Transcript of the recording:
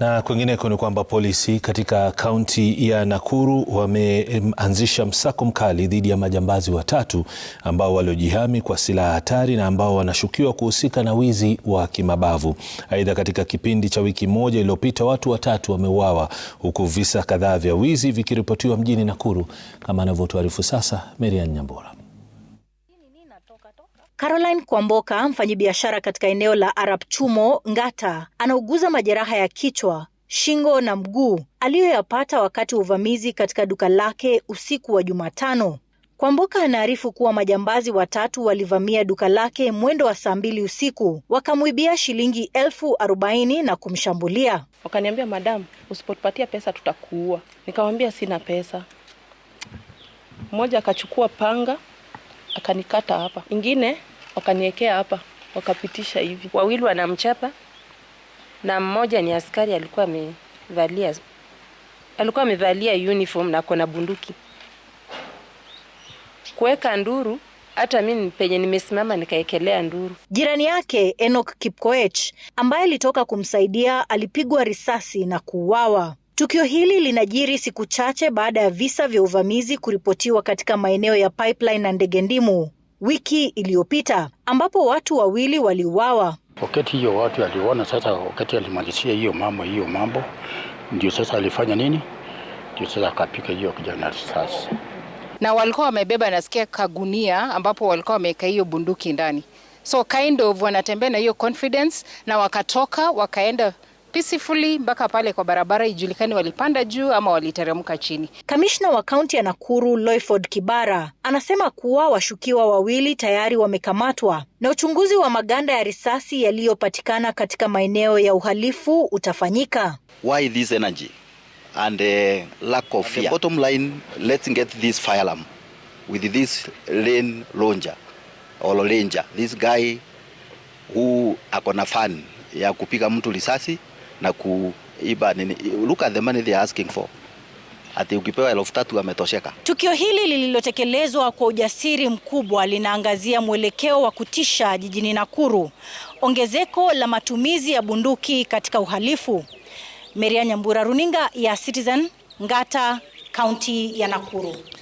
Na kwingineko ni kwamba polisi katika kaunti ya Nakuru wameanzisha msako mkali dhidi ya majambazi watatu ambao waliojihami kwa silaha hatari na ambao wanashukiwa kuhusika na wizi wa kimabavu. Aidha, katika kipindi cha wiki moja iliyopita watu watatu wameuawa huku visa kadhaa vya wizi vikiripotiwa mjini Nakuru, kama anavyotuarifu sasa Marian Nyambura. Caroline Kwamboka, mfanyabiashara katika eneo la arab chumo Ngata, anauguza majeraha ya kichwa, shingo na mguu aliyoyapata wakati wa uvamizi katika duka lake usiku wa Jumatano. Kwamboka anaarifu kuwa majambazi watatu walivamia duka lake mwendo wa saa mbili usiku wakamwibia shilingi elfu arobaini na kumshambulia. Wakaniambia, madam, usipotupatia pesa tutakuua. Nikamwambia sina pesa. Mmoja akachukua panga akanikata hapa, ingine wakaniwekea hapa, wakapitisha hivi. Wawili wanamchapa na mmoja ni askari alikuwa amevalia alikuwa amevalia uniform na kona bunduki. Kuweka nduru hata mimi penye nimesimama nikaekelea nduru. Jirani yake Enoch Kipkoech ambaye alitoka kumsaidia alipigwa risasi na kuuawa. Tukio hili linajiri siku chache baada ya visa vya uvamizi kuripotiwa katika maeneo ya Pipeline na Ndege Ndimu wiki iliyopita ambapo watu wawili waliuawa. Wakati hiyo watu aliona sasa, wakati alimalizia hiyo mambo hiyo mambo, ndio sasa alifanya nini? Ndio sasa akapika hiyo kijana risasi, na walikuwa wamebeba, nasikia kagunia ambapo walikuwa wameweka hiyo bunduki ndani, so kind of wanatembea na hiyo confidence, na wakatoka wakaenda peacefully mpaka pale kwa barabara, ijulikani walipanda juu ama waliteremka chini. Kamishna wa kaunti ya Nakuru Loyford Kibara anasema kuwa washukiwa wawili tayari wamekamatwa na uchunguzi wa maganda ya risasi yaliyopatikana katika maeneo ya uhalifu utafanyika. Why this energy and uh, lack of fear? Bottom line, let's get this with this lane ranger or ranger, this guy who fan ya kupiga mtu risasi na iba nini. Look at the money they are asking for. Ati ukipewa elfu tatu ametosheka. Tukio hili lililotekelezwa kwa ujasiri mkubwa linaangazia mwelekeo wa kutisha jijini Nakuru, ongezeko la matumizi ya bunduki katika uhalifu. meria Nyambura, runinga ya Citizen, Ngata, kaunti ya Nakuru.